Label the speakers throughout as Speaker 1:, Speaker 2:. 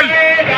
Speaker 1: Yeah.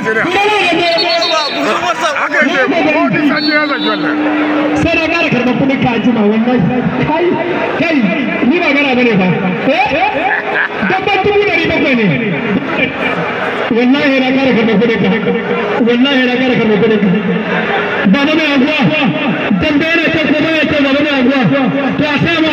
Speaker 1: Nigeria. Haka e Kai kai fa. Eh? kuma a sa ma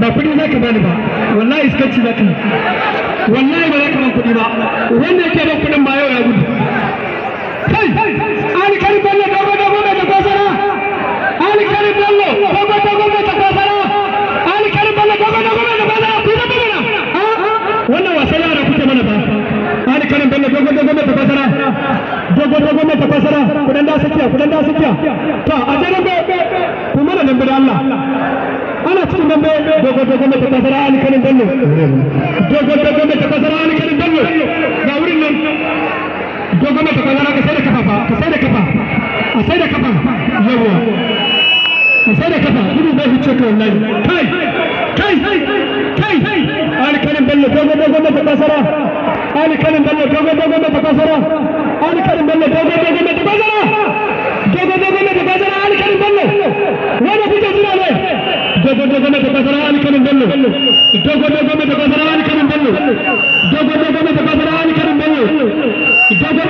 Speaker 1: ba kuɗi za ka bani ba wallahi iskanci za ka yi wallahi ba za ka ban kuɗi ba wanda yake ban kuɗin ba yau ya gudu kai alkarin bello dogo dogo mai tafasara alkarin bello dogo dogo mai tafasara alkarin bello dogo dogo mai tafasara ku zama mana wannan wasa yara kuke mana ba alkarin bello dogo dogo mai tafasara dogo dogo mai tafasara kudan da sakiya kudan da sakiya to a dambe dogo dogo mai takasara alkarin bello dogo dogo mai takasara alkarin bello ga wurin nan dogo mai takasara ka sai da kafa ka sai da kafa a sai da kafa yawa a sai da kafa gudu bai huce ka wallahi kai kai kai alkarin bello dogo dogo mai takasara alkarin bello dogo dogo mai takasara alkarin bello dogo dogo mai takasara dogo dogo Sarani करणु चङो करणु चङो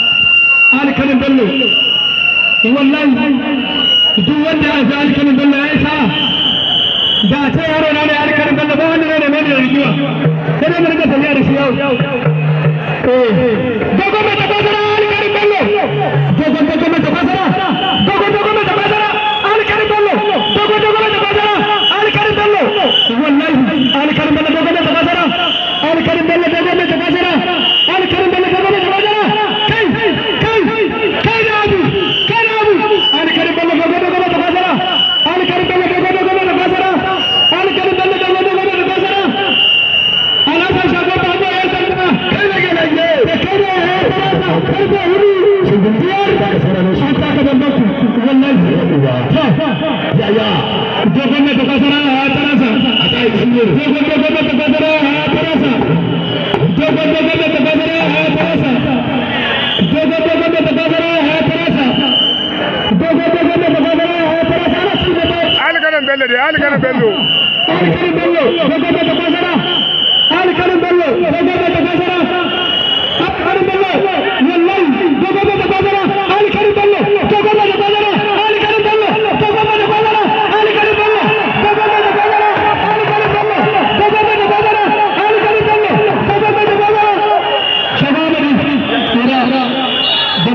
Speaker 1: alkalin bello eh, duk wanda ya fi alkalin bello ya isa da ta yaro na ne alkalin bello ba wanda ne da mai da rikiwa sai da mun ga tafiya da shi yau eh, karfe wuri shugun biyar su ta ta ta ta ta bello dai alƙaran bello alƙaran bello je gwamnati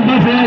Speaker 1: Gracias.